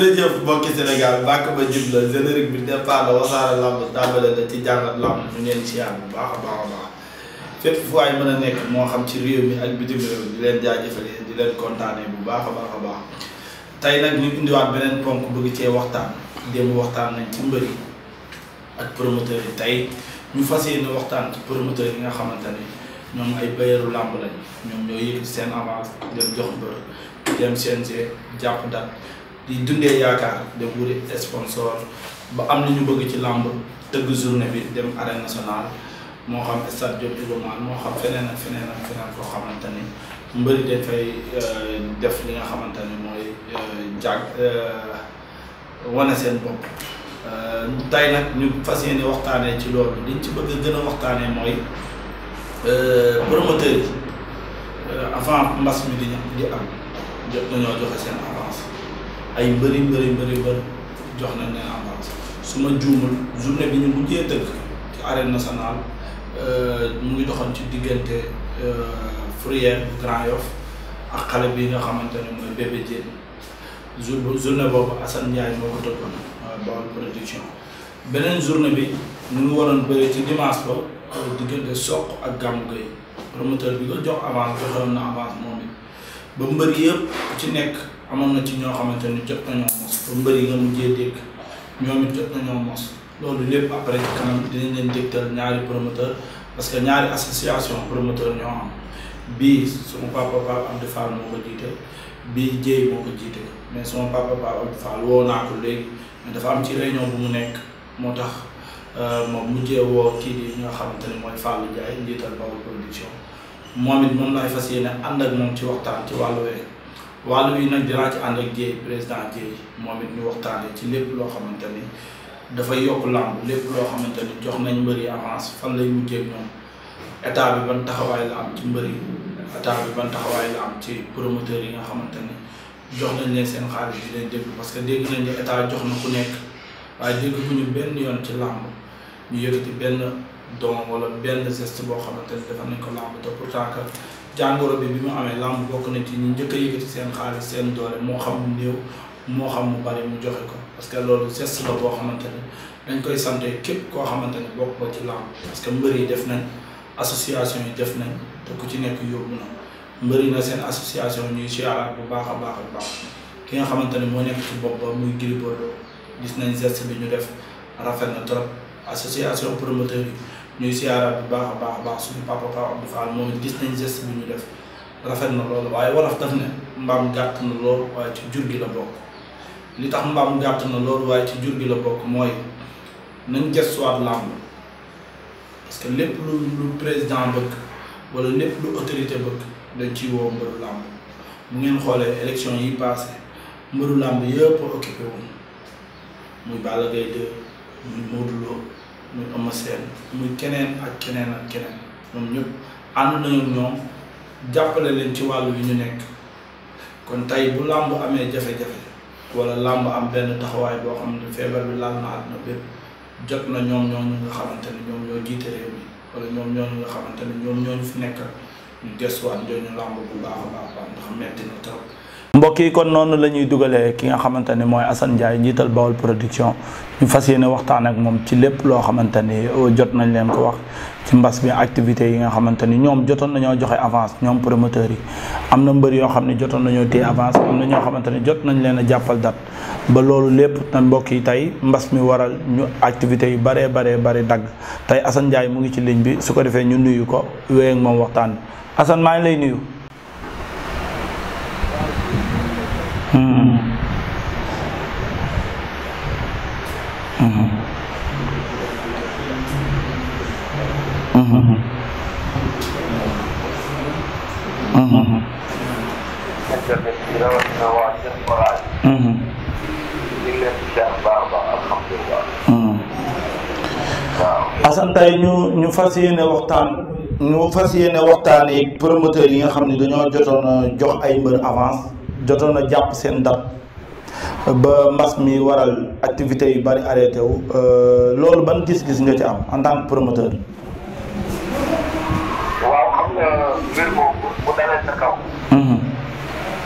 jërëjëf mbokki Sénégal mbàkk ba jub la générique bi départ la wasaare lamb tàmbale la ci jàngat lamb ñu leen siyaar bu baax a baax a baax fépp fu waay mën a nekk moo xam ci réew mi ak bitim réew di leen jaajëfale di leen kontaane bu baax a baax a baax tey nag ñu indiwaat beneen ponk bëgg ci waxtaan démb waxtaan nañ ci mbëri ak promoteur yi tey ñu fas yéene waxtaan ci promoteur yi nga xamante ni ñoom ay bayeeru lamb lañ ñoom ñoo yëkkati seen avance dem jox mbër dem CNG jàpp date di dundee yaakaar de wuri sponsor ba am li ñu bëgg ci làmb tëgg journée bi dem arène nationale moo xam stade Diop Iba Mar moo xam feneen ak feneen ak feneen koo xamante ni mbëri dañ fay euh, def li nga xamante ni mooy euh, jàgg euh, wane seen bopp tey nag ñu fas yéene waxtaanee ci loolu liñ ci bëgg gën a waxtaanee mooy promoteur yi avant mbas mi di di am jot joxe seen avant ay mbëri mbëri mbëri mbër jox nañ leen avance su ma juumul journée bi ñu mujjee tëgg ci arène nationale euh, mu ngi doxoon ci diggante euh, Fourrière Grand Yoff ak xale bi nga xamante ne mooy bébé Diène jour journée boobu Assane Ndiaye moo ko tëggoon euh, Baol production beneen journée bi ñu ngi waroon bëri ci dimanche ba diggante Sokh ak Gamou Gueye promoteur bi ko jox avance joxoon na avance moom it ba mbër yëpp ku ci nekk. amoon na ci ñoo xamante ni jot nañoo mos ba mbër yi nga mujjee dégg ñoom it jot nañoo mos loolu lépp après ci kanam dinañ leen dégtal ñaari promoteur parce que ñaari association promoteur ñoo am bii suma papa papa Abdou Fall moo ko jiite bii Dieye moo ko jiite mais suma papa papa Abdou Fall woo naa ko léegi mais dafa am ci réunion bu mu nekk moo tax euh, moom mujjee woo kii di nga xamante ni mooy Fallou Ndiaye njiital Bawol production moom it moom laay fas yéene ànd ak moom ci waxtaan ci wàllu wér. wàllu yi nag dinaa ci ànd ak Dieye président Dieye moom it ñu waxtaanee ci lépp loo xamante ni dafay yokk làmb lépp loo xamante jox nañ mbëri avance fan lay mujjee ñoom état bi ban taxawaay am ci mbëri état bi ban taxawaay la am ci promoteur yi nga xamante ni jox nañ leen seen xaalis yi leen déglu parce que dégg nañ ne état jox na ku nekk waaye dégg ku ñu benn yoon ci làmb ñu yëkkati benn don wala benn geste boo xamante ni defar ko làmb te pourtant jàngoro bi bi mu amee làmb bokk na ci ñu njëkk a yëkkati seen xaalis seen doole moo xam mu néew moo xam mu bari mu joxe ko parce que loolu geste la boo xamante ne dañ koy sant képp koo xamante ne bokk ko ci làmb parce que mbër yi def nañ association yi def nañ te ku ci nekk yóbbu na mbëri na seen association ñuy siyaaraat bu baax a baax a baax ki nga xamante ne moo nekk ci bopp ba muy Gris Bordeaux gis nañ geste bi ñu def rafet na trop association promoteur yi ñuy siyaaraat bu baax a baax a baax suñu papa papa Abdou Fall moom it gis nañ geste bu ñu def rafet na loolu waaye wolof daf ne mbaam gàtt na lool waaye ci jur gi la bokk li tax mbaam gàtt na lool waaye ci jur gi la bokk mooy nañ gestuwaat làmb parce que lépp lu lu président bëgg wala lépp lu autorité bëgg dañ ciy woo mbëru làmb bu ngeen xoolee élection yi passé mbëru làmb yëpp occupé woon muy Balla Gaye 2 muy Modou muy Eumeu seen muy keneen ak keneen ak keneen ñoom ñëpp ànd nañu ñoom jàppale leen ci wàll yu ñu nekk kon tey bu làmb amee jafe-jafe wala làmb am benn taxawaay boo xam ne feebar bi laal na àdduna bépp jot na ñoom ñooñu nga xamante ne ñoom ñoo jiite réew mi wala ñoom ñooñu nga xamante ne ñoo ñooñu fi nekk ñu desuwaat ñooñu làmb bu baax a baax ndax metti na trop. mbokk yi kon noonu la ñuy dugalee ki nga xamante ni mooy Assane Ndiaye njiital Bawol production ñu fas yéene waxtaan ak moom ci lépp loo xamante ni euh, jot nañ leen ko wax ci mbas bi activités yi nga xamante ni ñoom jotoon nañoo joxe avance ñoom promoteurs yi am na mbër yoo xam ne jotoon nañoo téye avance am na ñoo xamante ni jot nañ leen a jàppal date ba loolu lépp na mbokk yi tey mbas mi waral ñu activités yu baree baree bari dagg tey Assane Ndiaye mu ngi ci ligne bi su ko defee ñu nuyu ko wéy ak moom waxtaan Assane maa ngi lay nuyu. forage. ñu ngi leen ñu ñu fas yéene waxtaan ñu fas yéene waxtaan yi promoteurs yi nga xam ne dañoo jotoon jox ay mbër avance jotoon na jàpp seen date ba mbas mi waral activités yu bari arrêté wu euh, loolu ban gis-gis nga ci am en tant que promoteur.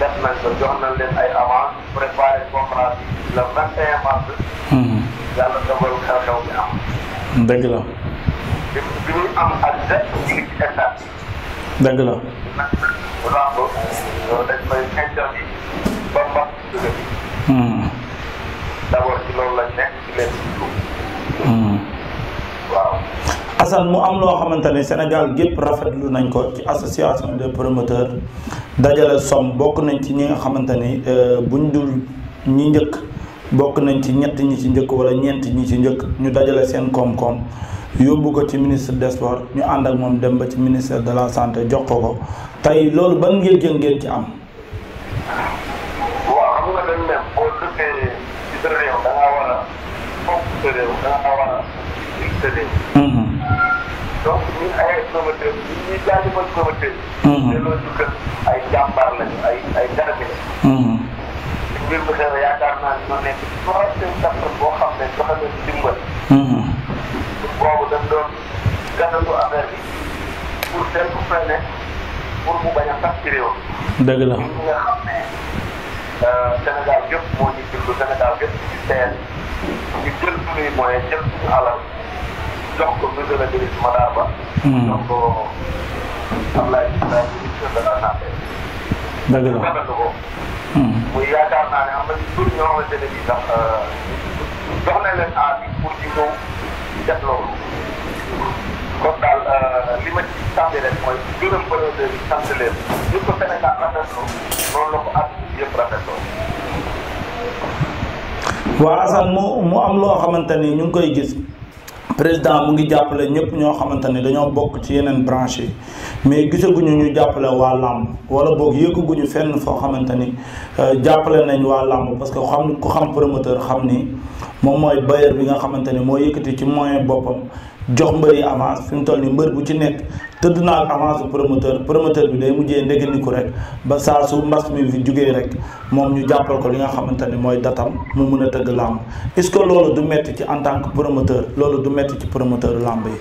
def nañ ko jox leen ay avance préparé conférence bi le hmm. la. bi la. ndax bu hmm. loolu lañ nekk ci Assane mu am loo xamante ne Sénégal gépp rafetlu nañ ko ci association des promoteurs dajale somme bokk nañ ci ñi nga xamante ni euh, buñ dul ñi njëkk bokk nañ ci ñett ñi ci njëkk wala ñeent ñi ci njëkk ñu dajale seen koom-koom yóbbu ko ci ministre des sports ñu ànd moom dem ba ci ministère de la santé jox ko ko tey loolu ban ngir jël ngeen ci am. tëddee. donc ñun ay ay promoteur yi ñun ñuy jaajëfal promoteur yi. te loolu du ay jàmbaar lañu ay ay garab lañu. te mbir mi xëy na yaakaar naa ne ñoo nekk troisième personne boo xam ne joxe nañu dimbal. boobu dañ doon gànnaatu affaire bi pour teel ku fay ne pour mu bañ a tas ci réew. dëgg la ñun nga xam ne Sénégal yëpp moo ñu déglu Sénégal yëpp ñu teel ñu jël suñuy moyens jël suñu alal. jox ko hmm. hmm. am na ci tur ñoo euh, leen aar daal euh, li ma ci sant leen mooy gërëm producteurs yi sant mu am loo xamante ni ñu ngi koy gis. président mu ngi jàppale ñëpp ñoo xamante ne dañoo bokk ci yeneen branche mais gisaguñu ñu jàppale waa làmb wala boog yëkkaguñu fenn foo xamante ni euh, jàppale nañ waa làmb parce que xam ku xam promoteur xam ni moom mooy bailleur bi nga xamante ni moo yëkkati ci moyen boppam jox mbëri avance fi mu toll ni mbër bu ci nekk tëdd naa ak avance bu promoteur promoteur bi day mujjee ndéggandiku rek ba saa su mbas mi fi jugee rek moom ñu jàppal ko li nga xamante ni mooy datam mu mun a tëgg làmb est-ce loolu du metti ci en tant que promoteur loolu du metti ci promoteur làmb yi.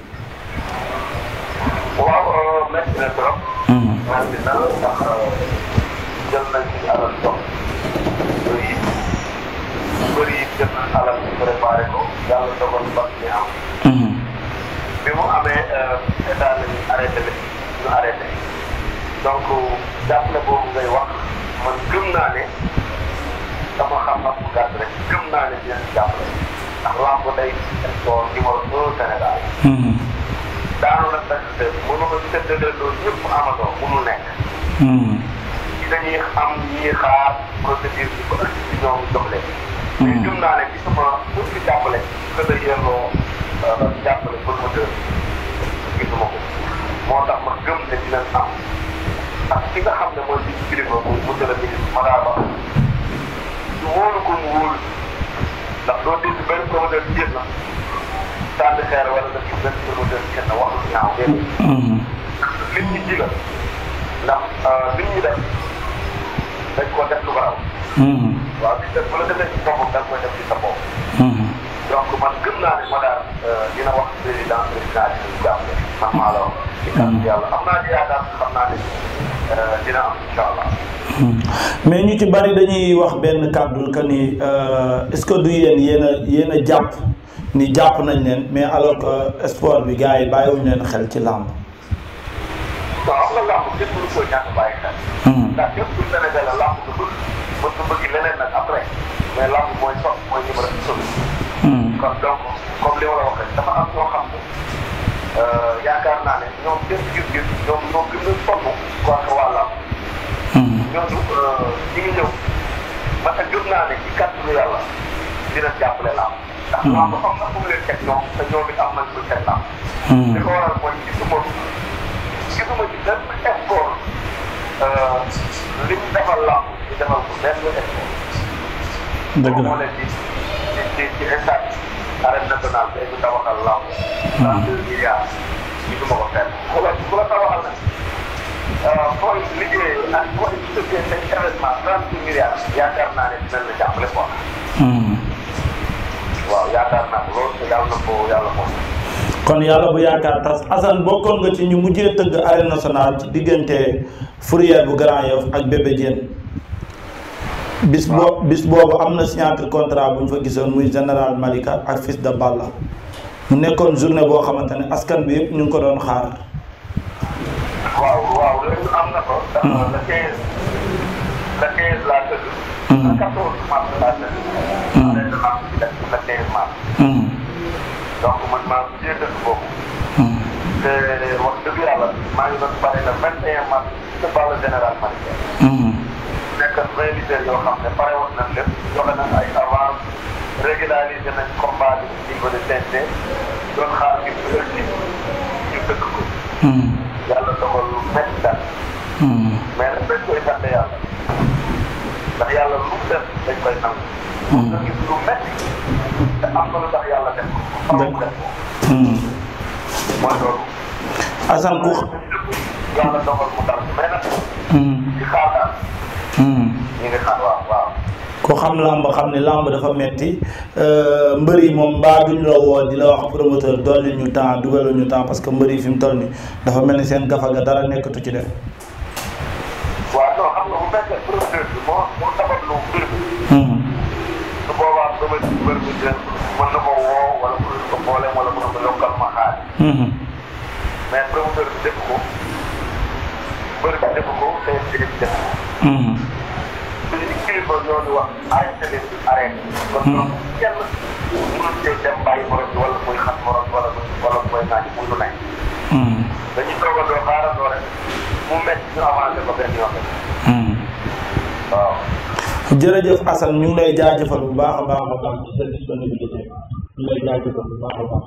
Euh, bi mu a euh, état la ñuy arrêté bi ñu arrêté donc jàppale boobu ngay wax man gëm naa ne xam-xam bu gàtt rek gëm naa ne dinañ jàppale ndax lamb day sport numéro un hmm. nekk. Hmm. ci dañuy am ñuy xaar procédure bi ba ëpp si ñoom jox leen. Hmm. mais gëm naa ne jàppale promoteur gisuma ko moo tax ma gëm ne dinañ am ak ki nga xam ne mooy li kilifa mu monsieur le ministre Matar Ba ñu wóolu ko mu wóolu ndax doo dégg benn promoteur bi jël na sànni xeer wala nga gis benn promoteur bi kenn wax lu ñaaw mhm. déedéet. nit ñi ji la ndax euh, nit ñi def dañ ko def lu baax. Mhm. waaw gis nga bu la defee ci boppam da nga koy def ci sa bopp. Mhm. donc euh, la wax. Hmm. ci euh, hmm. mais ñu ci bari dañuy wax benn kàddu que ni euh, est-ce que du yéen yéen yéen a jàpp ni jàpp nañ leen mais alors que sport bi gars yi bàyyiwuñu leen xel ci làmb. xel. Hmm. ndax képp ku Sénégal la làmb mooy sopp mooy numéro bi kon donc comme li ma la wax rek dafa am ñoo xam ne euh, yaakaar naa ne ñoom seen gis-gis ñoom ñoo gën a sonn wàllu wàllam. Hmm. ñooñu euh, ñu ngi ñëw parce que jur naa ne ci kàttanu yàlla dina jàppale laam. ndax laam ba xam na fu mu leen teg ñoom te ñoom it am nañ lu teg laam. Hmm. li ko waral mooy gisuma gisuma ci benn effort euh, liñ defal laam ñu defal ko benn effort. dëgg la moo leen di di di arène nationale tey hmm. la bu euh, yaakaar hmm. yàlla bu yaakaar tas Assane bokkoon nga ci ñu mujjee tëgg arène nationale ci diggante Fourrière bu Grand Yoff ak Bébé Diène. bis boo bis boobu am na signature contrat bu ñu fa gisoon muy général Malika ak fils de Balla mu nekkoon journée boo xamante ne askan bi yëpp ñu ngi ko doon xaar. presque vingt lutteurs yoo xam ne pare woon nañ lépp joxe nañ ay avance régulariser nañ combat bi au niveau de CNG doon xaar ci heure ci ñu dëkk ko. Hmm. yàlla dogal lu métti daal. Hmm. mais nag dañ koy sant yàlla ndax yàlla lu mu def dañ koy nangu. nga hmm. gis lu métti te am na lu tax yàlla def ko. dëgg la mooy loolu. Assane Kour. yàlla dogal mu dal mais nag. di xaar daal. ñu ngi xaar waaw waaw. ko xam làmb xam ne làmb dafa metti euh, mbër yi moom mbaa duñ la woo di la wax promoteur dolli ñu temps dugalal ñu temps parce que mbër yi fi mu toll dafa mel ni seen gafa ga dara nekkatu ci def. waaw hmm. na ko woo wala mën na ko boole wala kon ñoo ñu wax arrêté leen di arrêté. kon ñoom kenn ngi lay jaajëfal bu baax a baax baax di seen disponibilité ñu lay bu baax baax.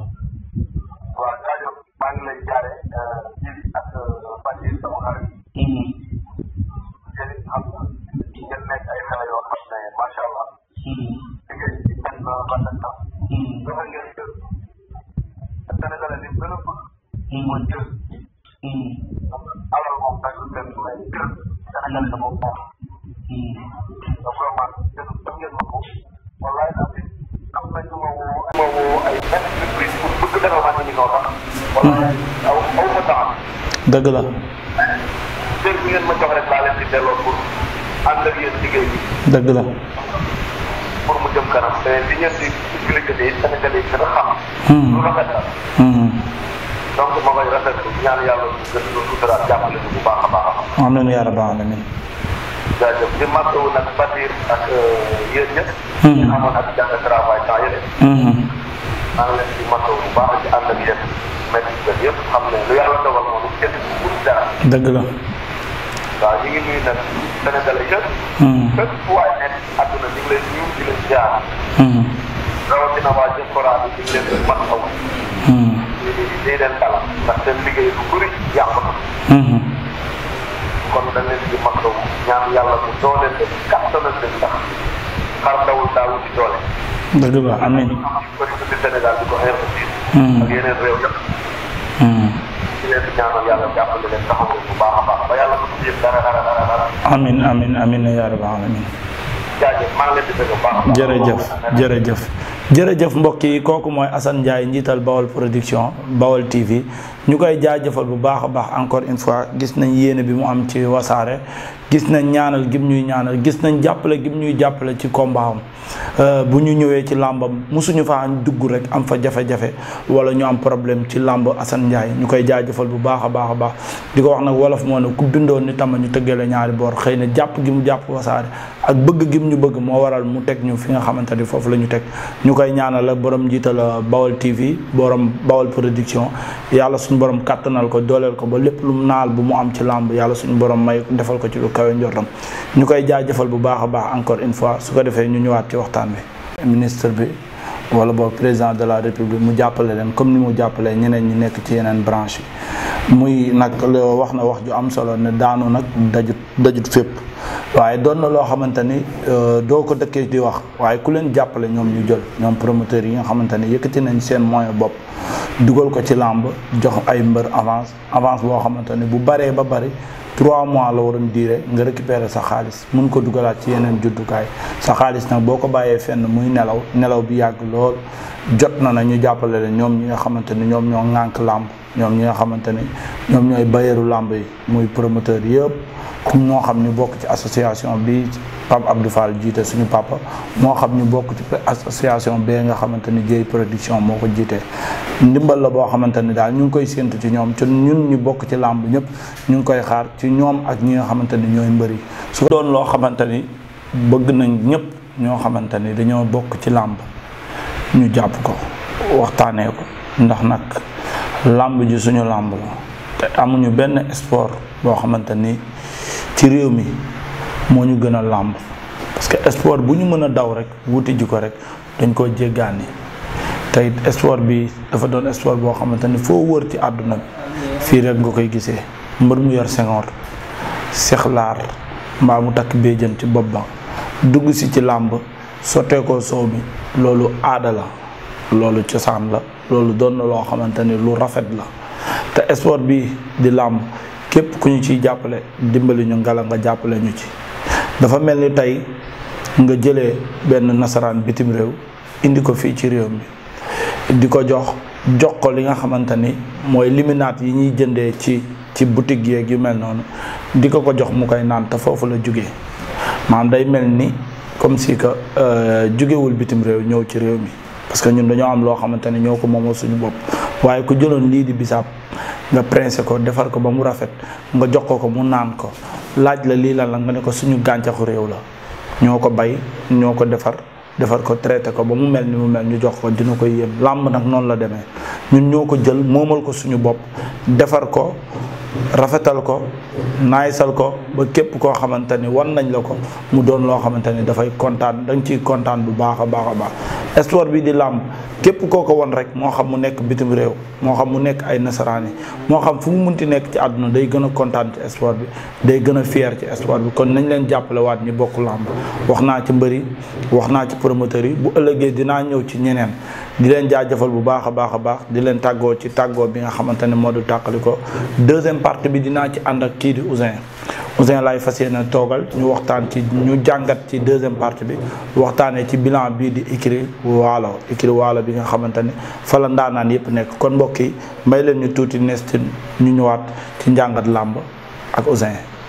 dëgg la. cër bi ngeen ma dëgg mu jëm kanam te li ngeen di expliquer Sénégalais a xam. yàlla gën bu baax a baax a météo yëpp xam nañ lu yàlla dogal moom kenn du ko dara. dëgg la. waaw ñu ngi nuyu nag Sénégalais yëpp. Hmm. fépp fu waay nekk àdduna ñu ngi leen di nuyu di leen jaar. Hmm. rawatina waa diaspora bi ñu ngi leen di mën a wut. ñu ngi leen di dalal ndax seen liggéey lu bëri yàqu na. Hmm. kon dañ leen di mën a wut ñaan yàlla mu dooleel leen kàttanal leen ndax xar dawul daawul di doole. dëgg la amiin. Hmm. Hmm. Sénégal di ko ak yeneen jàppale leen taxawu bu baax a baax ba yàlla ko fi yëpp dara jërëjëf mbokk yi kooku mooy Assane Ndiaye njiital Bawol production Bawol TV ñu koy jaajëfal bu baax a baax encore une fois gis nañ yéene bi mu am ci wasaare gis nañ ñaanal gim ñuy ñaanal gis nañ jàppale gim ñuy jàppale ci combat am euh, bu ñu ñëwee ci làmbam mosuñu faa dugg rek am fa jafe-jafe wala ñu am problème ci làmb Assane Ndiaye ñu koy jaajëfal bu baax a baax a baax di ko wax nag wolof moo ne ku bindoon ni tama ñu tëggale ñaari boor xëy na jàpp gi mu jàpp wasaare ak bëgg ñu bëgg moo waral mu teg ñu fi nga xamante ni foofu la ñu teg koy ñaanal borom njiital euh, Bawol TV borom Bawol yàlla suñu borom kàttanal ko dooleel ko ba lépp lu mu naal bu mu am ci làmb yàlla suñu borom may defal ko ci lu kawe koy jaajëfal bu baax a baax encore une fois su ko defee ñu ñëwaat ci waxtaan wi ministre bi wala boog président de la république mu jàppale leen comme ni mu jàppalee ñeneen ñi nekk ci yeneen branche yi muy nag wax na wax ju am solo ne daanu nag dajut dajut waaye doon na loo xamante ni euh, doo ko dëkkee di wax waaye ku leen jàppale ñoom ñu jël ñoom promoteurs yi nga xamante ni yëkkati nañ seen moyen bopp dugal ko ci làmb jox ay mbër avance avance boo xamante ni bu baree ba bari trois mois la waroon diire nga récupérer sa xaalis mun ko dugalaat ci yeneen juddukaay sa xaalis nag boo ko bàyyee fenn muy nelaw nelaw bi yàgg lool jot na na ñu jàppale leen ñoom ñi nga xamante ni ñoom ñoo ŋànk làmb ñoom ñi nga xamante ni ñoom ñooy bayeeru làmb yi muy promoteur yëpp moo xam ni bokk ci association bi Pape Abdou Fall jiite suñu papa moo xam ñu bokk ci association bee nga xamante ni Dieye production moo ko jiite ndimbal la boo xamante ni daal ñu ngi koy séntu ci ñoom ci ñun ñu bokk ci làmb ñëpp ñu ngi koy xaar ci ñoom ak ñi nga xamante ni ñooy mbëri su doon loo xamante ni bëgg nañ ñëpp ñoo xamante ni dañoo bokk ci làmb ñu jàpp ko waxtaanee ko ndax nag làmb ji suñu làmb la te amuñu benn sport boo xamante ni ci réew mi moo ñu gën a làmb parce que sport bu ñu mën a daw rek wuti ji ko rek dañ koo jéggaani te sport bi dafa doon sport boo xamante ni foo wër ci àdduna bi fii rek nga koy gisee mbër mu yor sengoor sexlaar mbaa mu takk béjjën ci bopp ba dugg si ci làmb sotteekoo soow bi loolu aada la loolu cosaan la loolu doon na loo xamante ni lu rafet la te sport bi di làmb képp ku ñu ciy jàppale dimbali ñu ngala nga jàppale ñu ci dafa mel ni tey nga jëlee benn nasaraan bitim réew indi ko fii ci réew mi di ko jox jox ko li nga xamante ni mooy liminaat yi ñuy jëndee ci ci boutique yeeg yu mel noonu di ko ko jox mu koy naan te foofu la jóge maanaam day mel ni comme si que euh, jugewul bitim réew ñëw ci réew mi parce que ñun dañoo am loo xamante ne ñoo ko moomoo suñu bopp waaye ku jëloon lii di bisaab nga pressé ko defar ko ba mu rafet nga jox ko ko mu naan ko laaj la lii lan la nga ne ko suñu gàncaxu réew la ñoo ko bay ñoo ko defar defar ko traité ko ba mu mel ni mu mel ñu jox ko dina ko yéem làmb nag noonu la demee ñun ñoo ko jël moomal ko suñu bopp defar ko rafetal ko naayisal ko ba képp koo xamante ni wan nañ la ko mu doon loo xamante ni dafay kontaan dañ nga ciy kontaan bu baax a baax a baax sport bi di làmb képp koo ko won rek moo xam mu nekk bitim réew moo xam mu nekk ay nasaraan yi moo xam fu mu mun munti nekk ci àdduna day gën a kontaan ci sport bi day gën a fier ci sport bi kon nañ leen jàppalewaat waat ñu bokk làmb wax naa ci mbëri wax naa ci promoteurs yi bu ëllëgee dinaa ñëw ci ñeneen di leen jaajëfal bu baax a baax a baax di leen tàggoo ci tàggoo bi nga xamante ne moo du tàqali ko deuxième partie bi dinaa ci ànd ak kii di Ousin Ousin laay fas yéene toogal ñu waxtaan ci ñu jàngat ci deuxième partie bi waxtaanee ci bilan bii di écurie Waalo écurie Waalo bi nga xamante ne fa ndaanaan yëpp nekk kon mbokk yi may leen ñu tuuti nestin ñu ñëwaat ci njàngat làmb ak ausin